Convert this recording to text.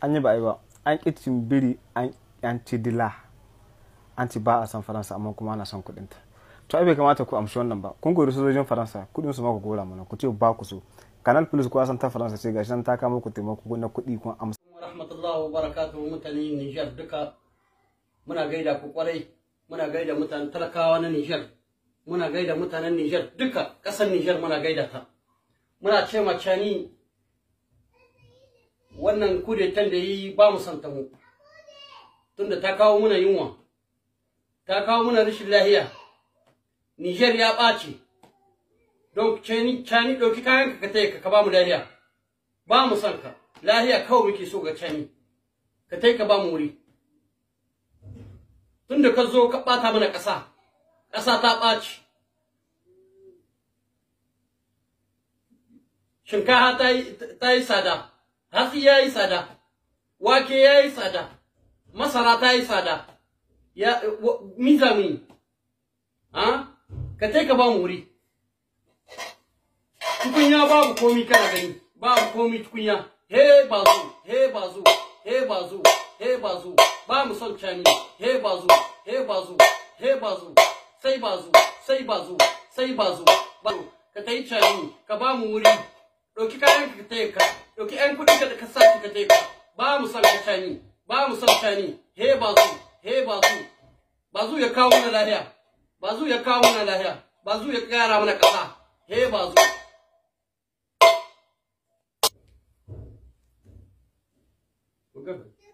an yi ba yi ba an ƙi biri an ci dila an ci ba a san faransa amma kuma ana son kuɗinta to ai bai kamata ku amshi wannan ba kun gori sojojin faransa kuɗin su ma ku gora mana ku ce ba ku so kanal plus kuwa san ta faransa ce gashi nan ta kama ku taimako na kuɗi kun amsa. rahmatullahi wa barakatuhu mutanen nijar duka muna gaida ku kwarai muna gaida mutanen talakawa na nijar muna gaida mutanen nijar duka ƙasar nijar muna gaida ta muna ce cani. wannan kudetan da yi ba mu santa mu tunda ta kawo muna yunwa ta kawo muna rashin lahiya Niger ya ɓace don cani cani ɗauki kayan ka taya ka ba mu lahiya ba mu san ka lahiya kawai muke so ga cani ka taya ka ba mu wuri tunda ka zo ka ɓata mana ƙasa ƙasa ta ɓaci shinkafa ta yi tsada hatsi ya yi tsada wake ya yi tsada masara ta yi tsada miza mu yi ka tai ka ba mu wuri tukunya babu komi kana gani babu komi tukunya he bazu he bazu he bazu he bazu ba mu son cani he bazu he bazu he bazu sai bazu sai bazu sai bazu ka tai cani ka ba mu wuri ɗauki kayan ka tai ka ɗauki ƴan kuɗi da ka sa ka je ba mu san kacani ba mu san kacani he ba zu he ba zu ba zu ya kawo mana lahiya ba zu ya kawo mana lahiya ba zu ya kara mana ƙasa he ba zu Okay.